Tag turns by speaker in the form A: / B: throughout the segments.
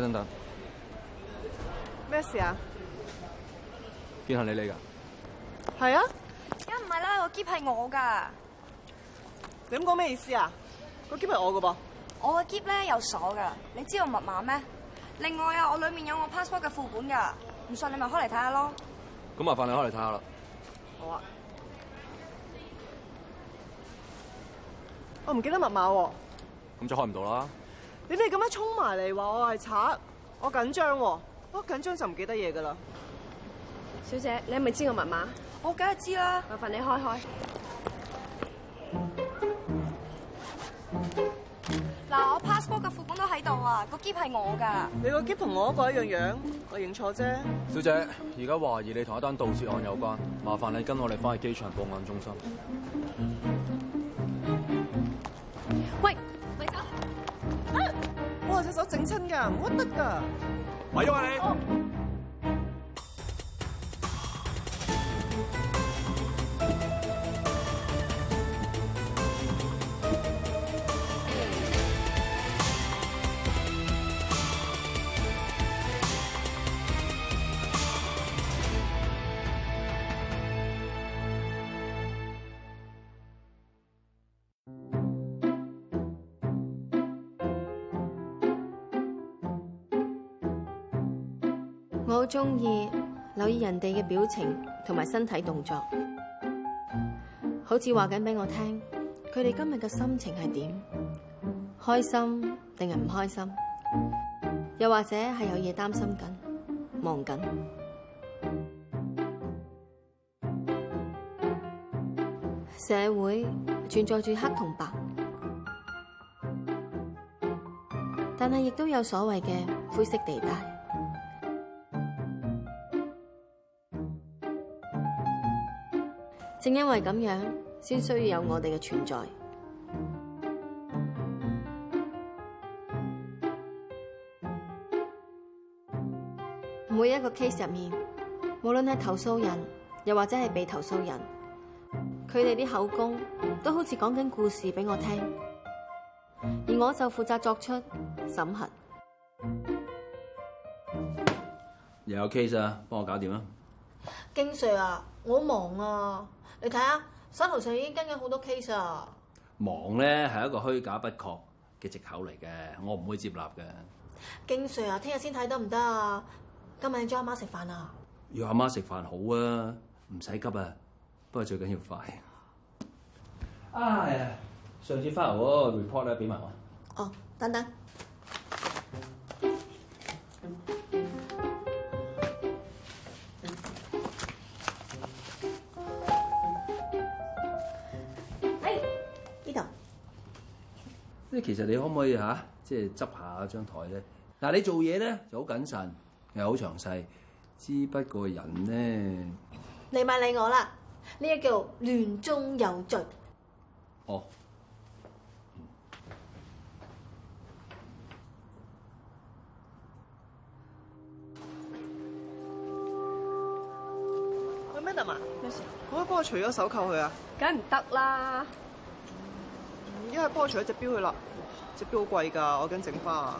A: 等等，
B: 咩事啊？
A: 邊、那個、行你嚟噶？
B: 係啊，一唔係啦，個喼係我噶。你咁講咩意思啊？那個喼係我噶噃。
C: 我個喼咧有鎖噶，你知道密碼咩？另外啊，我裏面有我 passport 嘅副本噶，唔信你咪開嚟睇下咯。
A: 咁麻煩你開嚟睇下啦。
B: 好啊。我唔記得密碼喎。
A: 咁就開唔到啦。
B: 你哋咁樣衝埋嚟話我係賊，我緊張、啊，我緊張就唔記得嘢噶啦。小姐，你係咪知我密碼？
C: 我梗係知啦。麻煩你開開。
B: 嗱，我 passport 嘅副本都喺度啊，個 key 係我噶。
A: 你個 key 同我一個一樣樣，
B: 我認錯啫。
A: 小姐，而家懷疑你同一單盜竊案有關，麻煩你跟我哋翻去機場報案中心。
B: 喂。我隻手整親㗎，唔得㗎！
D: 咪話、啊、你，啊
E: 我好中意留意人哋嘅表情同埋身體動作，好似話緊俾我聽，佢哋今日嘅心情係點，開心定係唔開心，又或者係有嘢擔心緊、忙緊。社會存在住黑同白，但係亦都有所謂嘅灰色地帶。正因為咁樣，先需要有我哋嘅存在。每一個 case 入面，無論係投訴人又或者係被投訴人，佢哋啲口供都好似講緊故事俾我聽，而我就負責作出審核。
A: 又有 case 啊，幫我搞掂啦，
E: 警 Sir 啊，我好忙啊。你睇下，手頭上已經跟緊好多 case 啊！
A: 忙咧係一個虛假不確嘅藉口嚟嘅，我唔會接納嘅。
E: 警常 i 啊，聽日先睇得唔得啊？今晚你 o 阿媽食飯啊？
A: 約阿媽食飯好啊，唔使急啊，不過最緊要快。啊，啊上次翻嚟嗰個 report 咧，俾埋我。
E: 哦，等等。
A: 即其實你可唔可以嚇，即係執下張台咧？嗱，你做嘢咧就好謹慎，又好詳細。之不過人咧，
E: 你咪理我啦。呢個叫亂中有序。哦。
A: 喂
C: ，Madam？咩事？
B: 可唔可以幫我除咗手扣佢啊？
C: 梗係唔得啦！
B: 依、啊、家幫我除咗隻錶去啦，隻錶好貴㗎，我驚整花。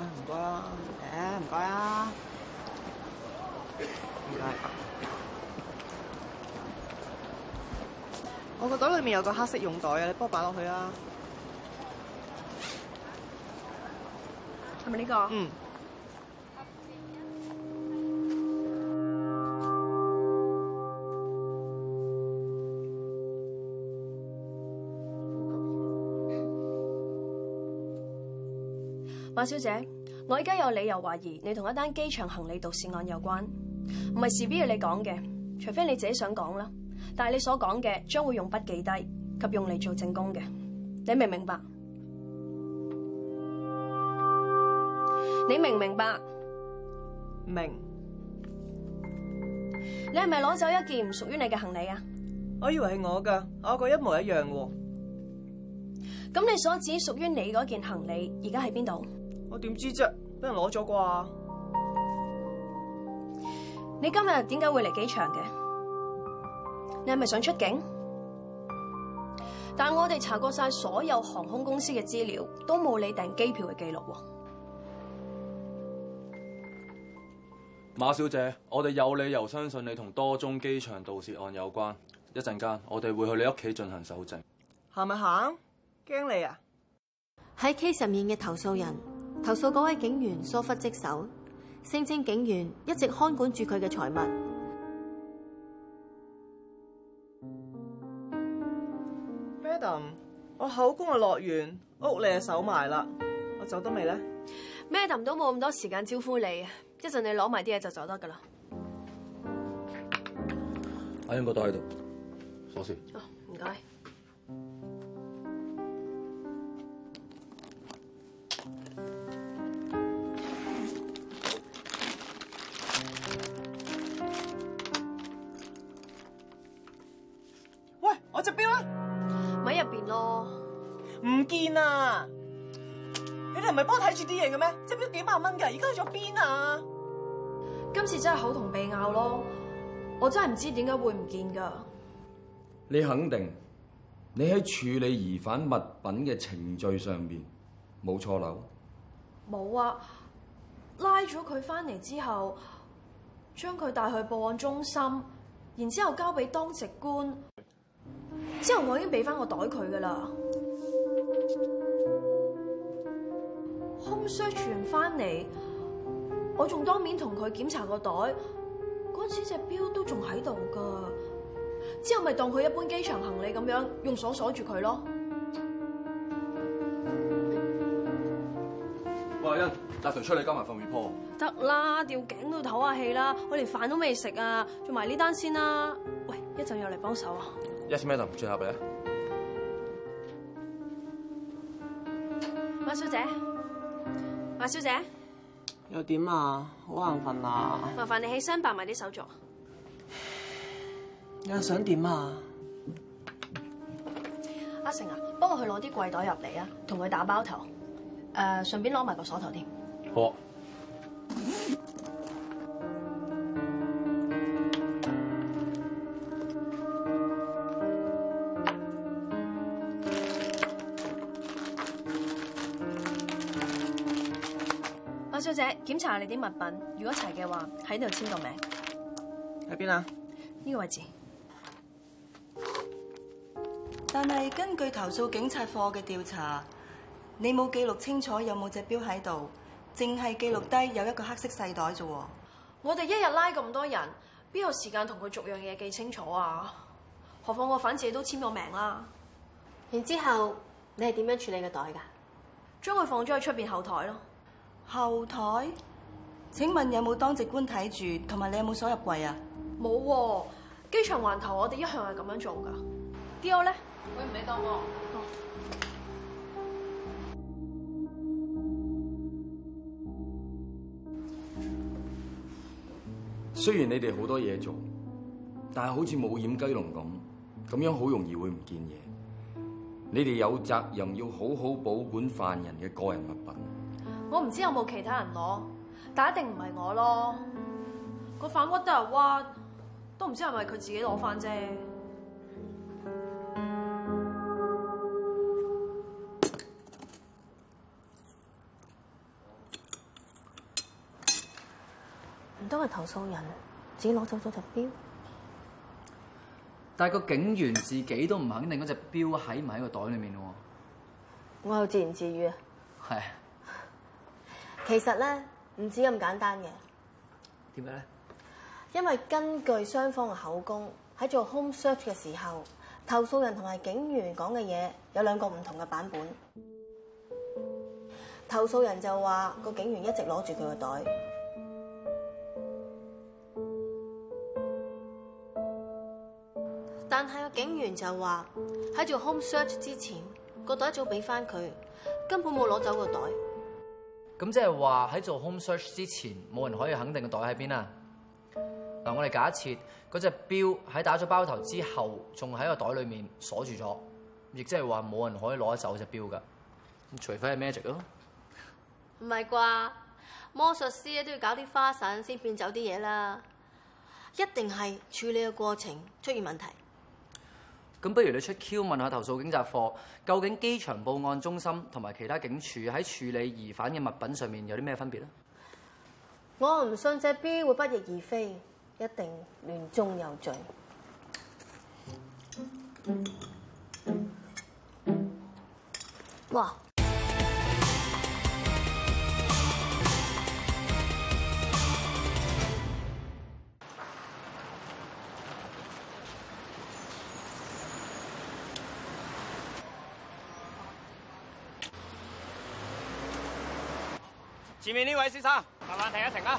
B: 唉、哎，唔該啦，誒、哎，唔該啊，唔該。我個袋裏面有一個黑色用袋啊，你幫我擺落去啦。係咪呢個？嗯。
C: 馬小姐，我而家有理由懷疑你同一單機場行李盜竊案有關，唔係事必要你講嘅，除非你自己想講啦。但係你所講嘅將會用筆記低及用嚟做證供嘅，你明唔明白？你明唔明白？
B: 明。
C: 你係咪攞走一件唔屬於你嘅行李啊？
B: 我以為係我噶，我個一模一樣嘅。
C: 咁你所指屬於你嗰件行李而家喺邊度？現在在哪裡？
B: 我點知啫？俾人攞咗啩？
C: 你今日點解會嚟機場嘅？你係咪想出境？但我哋查過晒所有航空公司嘅資料，都冇你訂機票嘅記錄。
A: 馬小姐，我哋有理由相信你同多宗機場盜竊案有關。一陣間，我哋會去你屋企進行搜證。
E: 行咪行？驚你啊？喺 case 上面嘅投訴人。投訴嗰位警員疏忽職守，聲稱警員一直看管住佢嘅財物。
B: Madam，我口供就落完，屋你就守埋啦。我走得未咧
C: ？Madam 都冇咁多時間招呼你，一陣你攞埋啲嘢就走得噶啦。
A: 阿英哥都喺度，鎖匙。哦，唔
C: 該。我隻表咧，咪入邊咯，唔見啊！你哋唔係幫我睇住啲嘢嘅咩？隻表幾萬蚊噶，而家去咗邊啊？今次真係口同鼻拗咯，我真係唔知點解會唔見噶。
A: 你肯定你喺處理疑犯物品嘅程序上面冇錯漏？
C: 冇啊！拉咗佢翻嚟之後，將佢帶去報案中心，然之後交俾當值官。之後我已經俾翻個袋佢噶啦，空箱傳翻嚟，我仲當面同佢檢查個袋，嗰時隻表都仲喺度噶。之後咪當佢一般機場行李咁樣用鎖鎖住佢咯。
A: 阿欣,搭台出嚟加埋份 report
C: 得啦，吊頸都唞下氣啦，我連飯都未食啊，做埋呢單先啦。喂，一陣又嚟幫手啊！
A: 一千蚊啦，最後嚟啦，
C: 馬小姐，馬小姐，
B: 又點啊？好眼瞓啊！麻
C: 煩你起身辦埋啲手續。
B: 你又想點啊？
C: 阿成啊，幫我去攞啲櫃袋入嚟啊，同佢打包頭。誒、呃，順便攞埋個鎖頭添。好、啊。檢查你啲物品，如果齊嘅話喺度簽個名。
B: 喺邊啊？
C: 呢個位置。但係根據投訴警察課嘅調查，你冇記錄清楚有冇隻表喺度，淨係記錄低有一個黑色細袋啫、嗯。我哋一日拉咁多人，邊有時間同佢逐樣嘢記清楚啊？何況我反自己都簽咗名啦。然之後你係點樣處理個袋噶將佢放咗去出邊後台咯。後台，請問有冇當值官睇住？同埋你有冇鎖入櫃啊？冇，機場環頭我哋一向係咁樣做噶。第二咧？會唔會唔畀當喎。
A: 雖然你哋好多嘢做，但係好似冇掩雞籠咁，咁樣好容易會唔見嘢。你哋有責任要好好保管犯人嘅個人物品。
C: 我唔知有冇其他人攞，但一定唔係我咯。個反屈都係屈，都唔知係咪佢自己攞翻啫。
E: 唔通係投訴人自己攞走咗隻錶，
F: 但個警員自己都唔肯定嗰隻錶喺唔喺個袋裏面咯。我
E: 又自言自語。
F: 係。其
E: 實咧，唔止咁簡單嘅，
F: 點解咧？
E: 因為根據雙方嘅口供，喺做 home search 嘅時候，投訴人同埋警員講嘅嘢有兩個唔同嘅版本。投訴人就話個警員一直攞住佢個袋，但係個警員就話喺做 home search 之前，個袋一早俾翻佢，根本冇攞走個袋。
F: 咁即係話喺做 home search 之前，冇人可以肯定個袋喺邊啊！嗱，我哋假設嗰隻錶喺打咗包頭之後，仲喺個袋裡面鎖住咗，亦即係話冇人可以攞得走隻錶㗎，除非係 magic 咯，
E: 唔係啩？魔術師咧都要搞啲花臣先變走啲嘢啦，一定係處理嘅過程出現問題。
F: 咁不如你出 Q 問下投訴警察課，究竟機場報案中心同埋其他警署喺處理疑犯嘅物品上面有啲咩分別呢？
E: 我唔信隻表會不翼而飛，一定亂中有罪。哇！
F: 前面呢位先生，
A: 慢慢
F: 停一停
D: 啦。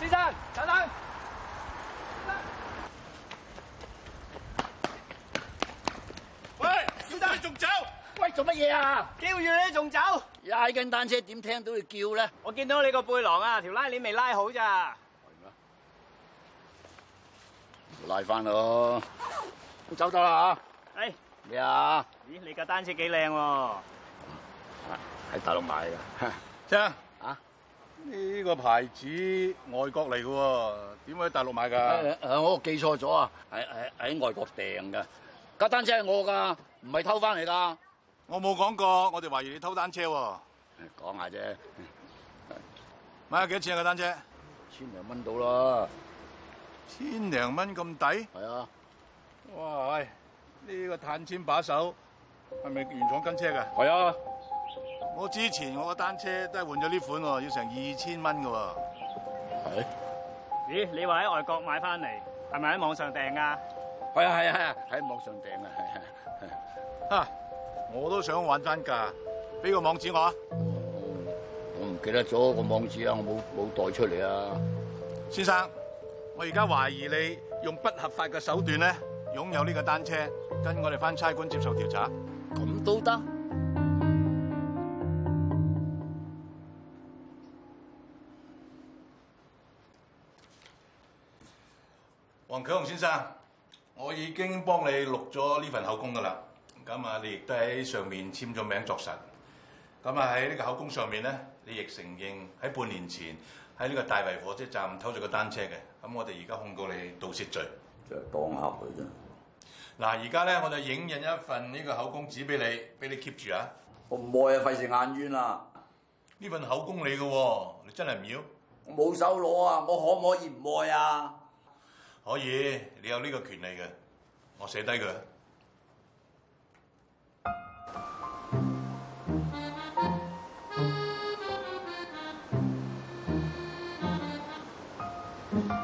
D: 先生，等
F: 等。喂，先生你仲走？喂，做乜嘢啊？叫住你仲走？踩緊單車，點聽到佢叫咧？我見到你個背囊啊，條拉鏈未拉好咋？
D: 拉翻咯。都走咗啦啊！哎，咩啊？咦，你架單車幾靚喎？喺大陸買噶？吓啊？呢個牌子，外國嚟喎？點會喺大陸買噶？誒、啊，我記錯咗啊！喺喺喺外國訂噶。架單車係我噶，唔係偷翻嚟噶。我冇講過，我哋懷疑你偷單車，啊。講下啫。買咗幾多錢啊？架單車？千零蚊到咯。千零蚊咁抵？係啊。哇，呢個碳纖把手。係咪原廠跟車噶？係啊！我之前我個單車都係換咗呢款，要成二千蚊噶。係？
F: 咦？你話喺外國買翻嚟，係咪喺網上訂噶？
D: 係啊係啊，喺、啊、網上訂啊！吓、啊， 我都想搵翻架，俾個網址我啊！我
A: 唔記得咗個網址啊！我冇冇袋出
D: 嚟啊！先生，我而家懷疑你用不合法嘅手段咧擁有呢個單車，跟我哋翻差館接受調查。咁都得，黃啟雄先生，我已經幫你錄咗呢份口供㗎喇。咁啊，你亦都喺上面簽咗名作實。咁啊，喺呢個口供上面咧，你亦承認喺半年前喺呢個大圍火車站偷咗個單車嘅。咁我哋而家控告你盜竊罪，就係、是、當客嚟啫。嗱，而家咧我就影印一份呢個口供紙俾你，俾你 keep 住啊！我唔愛啊，費事眼冤啦！呢份口供你嘅喎，你真係唔要？我冇手攞啊，我可唔可以唔愛啊？可以，你有呢個權利嘅，我寫低佢。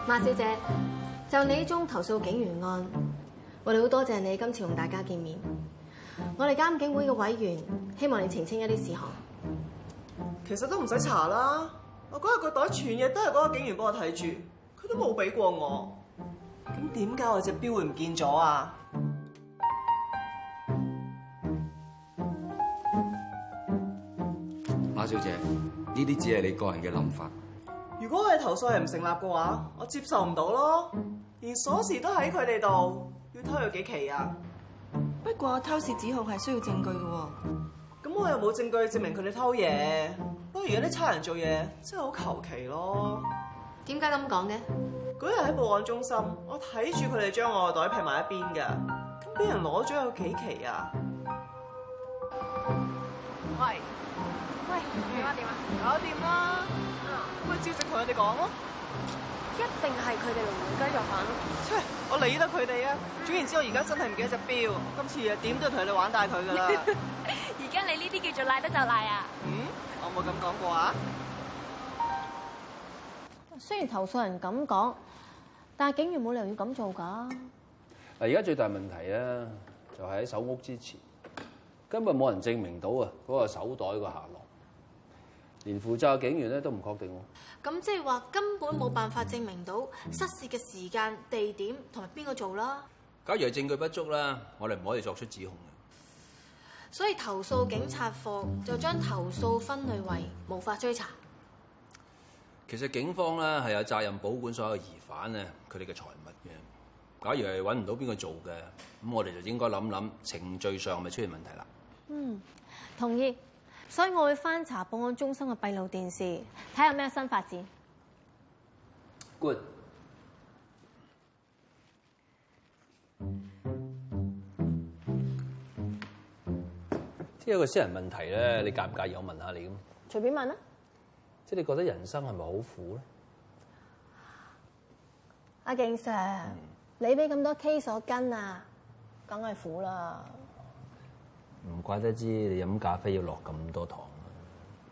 E: 馬小姐，就你呢宗投訴警員案。我哋好多謝你今次同大家見面。我哋監警會嘅委員希望
B: 你澄清一啲事項。其實都唔使查啦，我嗰日個袋全日都係嗰個警員幫我睇住，佢都冇俾過我。咁點解我隻表會唔見咗啊？
A: 馬小姐，呢啲只係你個人嘅諗法。
B: 如果我嘅投訴係唔成立嘅話，我接受唔到咯。連鎖匙都喺佢哋度。要偷有幾期啊？
C: 不過偷竊指控係需要證據嘅，
B: 咁我又冇證據證明佢哋偷嘢。不過而家啲差人做嘢真係好求其咯。點解咁講嘅？嗰日喺報案中心，我睇住佢哋將我個袋劈埋一邊㗎，咁俾人攞咗有幾期啊？喂喂，點啊點啊，搞掂啦，咁咪、嗯、照直同我哋講咯。一定係佢哋農民雞作反，我理得佢哋啊！總然之，我而家真係唔記得隻錶，今次啊點都要同你玩大佢噶啦！
C: 而家你呢啲叫做賴得就賴啊！嗯，
B: 我冇咁講過啊！
E: 雖然投訴人咁講，但係警員冇理由要咁做㗎。嗱，而家
A: 最大問題咧，就係喺手屋之前，根本冇人證明到啊嗰個手袋個下落。連負責嘅警員咧都唔確定，
E: 咁即係話根本冇辦法證明到失竊嘅時間、地點同埋邊個做啦。
A: 假如係證據不足啦，我哋唔可以作出指控嘅。
E: 所以投訴警察課就將投訴分類為無法追查。
A: 其實警方咧係有責任保管所有疑犯咧佢哋嘅財物嘅。假如係揾唔到邊個做嘅，咁我哋就應該諗諗程序上咪出現問題啦？
E: 嗯，同意。所以我會翻查報案中心嘅閉路電視，睇下有咩新發展。
A: Good、嗯。即係有個私人問題咧，你介唔介意我問下你咁？隨便問啦。即係你覺得人生係咪好苦咧？
E: 阿勁 Sir、嗯，你俾咁多 K 所跟啊，梗係苦啦。
A: 唔怪得知你飲咖啡要落咁多糖啊。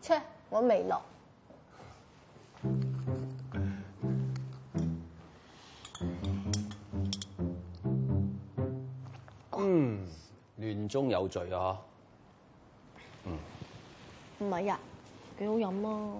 E: 切，我未落。嗯，
A: 亂中有序啊！
E: 嗯。唔係啊，幾好飲啊！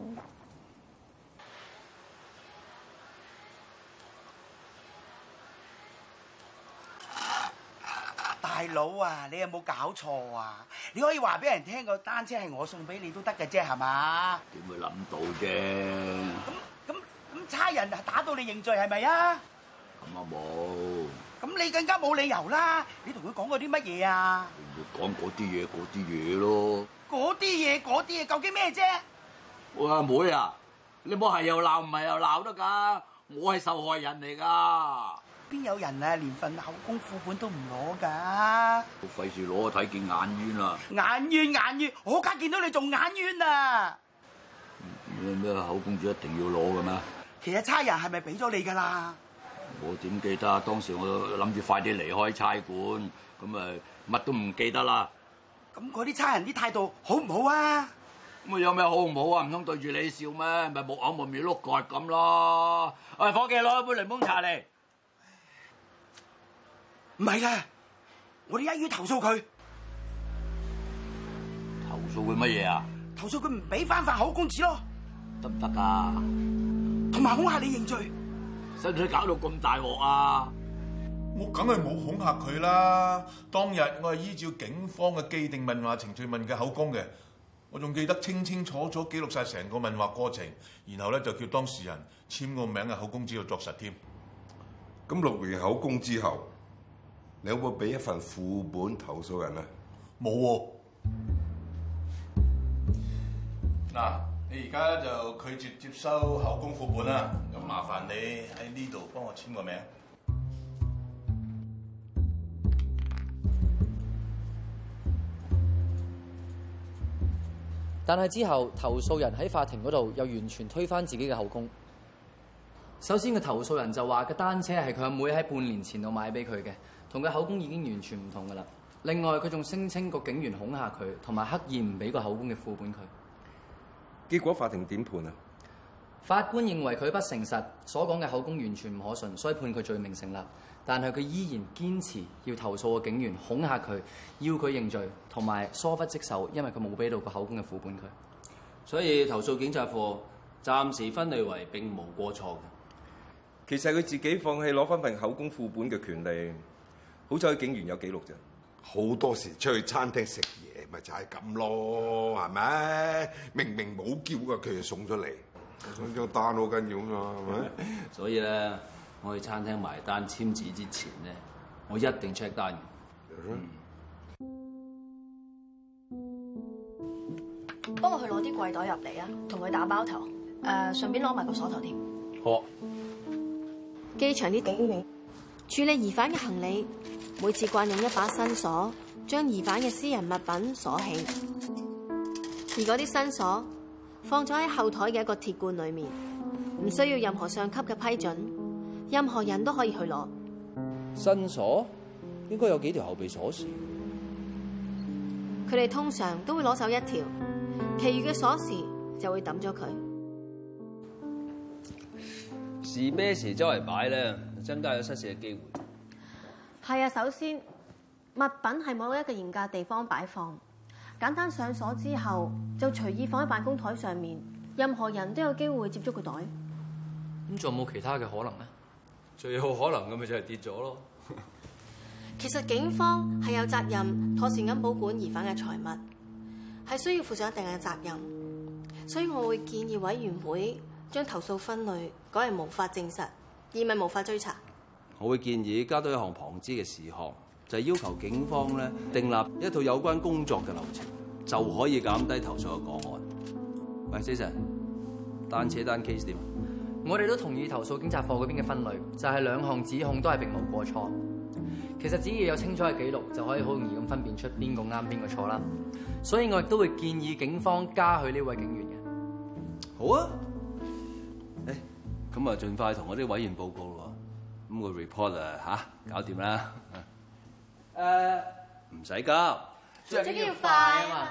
F: 大佬啊，你有冇搞錯啊？你可以話俾人聽個單車係我送俾你都得嘅啫，係嘛？
A: 點會諗到啫？咁咁
F: 咁差人係打到你認罪係咪啊？
A: 咁啊冇。
F: 咁你更加冇理由啦！你同佢講過啲乜嘢啊？
A: 你講嗰啲嘢，嗰啲嘢咯。
F: 嗰啲嘢，嗰啲嘢，究竟咩啫？
A: 我阿妹啊，
F: 你冇係又鬧，唔係
A: 又鬧得噶，我係受害人嚟噶。邊有人啊？連份口供副
F: 本都唔攞噶，
A: 好費事攞睇，見眼冤啦！
F: 眼冤眼冤，我家見到你仲眼冤啊！
A: 咩咩口供就一定要攞㗎嘛？
F: 其實差人係咪俾咗你噶啦？
A: 我點記得啊？當時我諗住快啲離開差館，咁啊乜都唔記得啦。
F: 咁嗰啲差人啲態度
A: 好唔好啊？咁啊有咩好唔好啊？唔通對住你笑咩？咪木口木面碌葛咁咯？哎，夥計攞一杯檸檬茶嚟。
F: 唔係啦，我哋一於投訴佢。
A: 投訴佢乜嘢啊？
F: 投訴佢唔俾翻份口供紙咯，得唔得啊？同埋恐嚇你認罪，
D: 使唔使搞到咁大鑊
F: 啊？我梗係冇
D: 恐嚇佢啦。當日我係依照警方嘅既定問話程序問嘅口供嘅，我仲記得清清楚楚記錄晒成個問話過程，然後咧就叫當事人簽個名嘅口供紙就作實添。咁錄完口供之後。你有冇會俾一份副本投訴人啊？冇喎。嗱，你而家就拒絕接收口供副本啦，咁麻煩你喺呢度幫我簽個名。
F: 但係之後，投訴人喺法庭嗰度又完全推翻自己嘅口供。首先，個投訴人就話：個單車係佢阿妹喺半年前度買俾佢嘅。同佢口供已經完全唔同噶啦。另外，佢仲聲稱個警員恐嚇佢，同埋刻意唔俾個口供嘅副本佢。結果法庭點判啊？法官認為佢不誠實，所講嘅口供完全唔可信，所以判佢罪名成立。但係佢依然堅持要投訴個警員恐嚇佢，要佢認罪，同埋疏忽職守，因為佢冇俾到個口供嘅副本佢。所以投訴警察課暫時分類為並無
A: 過錯嘅。其實佢自己放棄攞翻份口供副本嘅權利。
D: 好彩警員有記錄咋，好多時出去餐廳食嘢，咪就係咁咯，係咪？明明冇叫㗎，佢就送咗嚟。送張單好緊要啊，係咪？
A: 所以咧，我去餐廳埋單簽字之前咧，我一定 check 單。嗯。 幫
C: 我去攞啲櫃袋入嚟啊，同佢打包頭。誒、呃，順便攞埋個鎖頭添。
A: 好。
E: 機場啲警員。處理疑犯嘅行李，每次慣用一把新鎖，將疑犯嘅私人物品鎖起。
A: 而
E: 嗰啲新鎖放咗喺後台嘅一個鐵罐裏面，唔需要任何上級嘅批准，任何人都可以去攞。
A: 新鎖應該有幾條後備鎖匙，
E: 佢哋通常都會攞走一條，其餘嘅鎖匙就會抌咗佢。
A: 是咩時周圍擺咧？增加咗失竊嘅機會。
E: 係啊！首先物品係冇一個嚴格地方擺放，簡單上鎖之後就隨意放喺辦公台上面，任何人都有機會接觸個袋。
A: 咁仲有冇其他嘅可能呢？最好可能咁咪就係跌咗咯。
E: 其實警方係有責任妥善咁保管疑犯嘅財物，係需要負上一定嘅責任，所以我會建議委員會將投訴分類改為無法證實。以免無法追查。
A: 我會建議加多一項旁支嘅事項，就係、是、要求警方咧訂立一套有關工作嘅流程，就可以
F: 減低投訴嘅個案。喂，Sir，單車單 case 點？我哋都同意投訴警察課嗰邊嘅分類，就係、是、兩項指控都係並無過錯。其實只要有清楚嘅記錄，就可以好容易咁分辨出邊個啱邊個錯啦。所以我亦都會建議警方嘉許呢位警員嘅。好啊。
A: 咁啊，盡快同嗰啲委員報告喎。咁、個 reporter 吓搞掂啦。誒、嗯，唔使急，着緊要快嘛。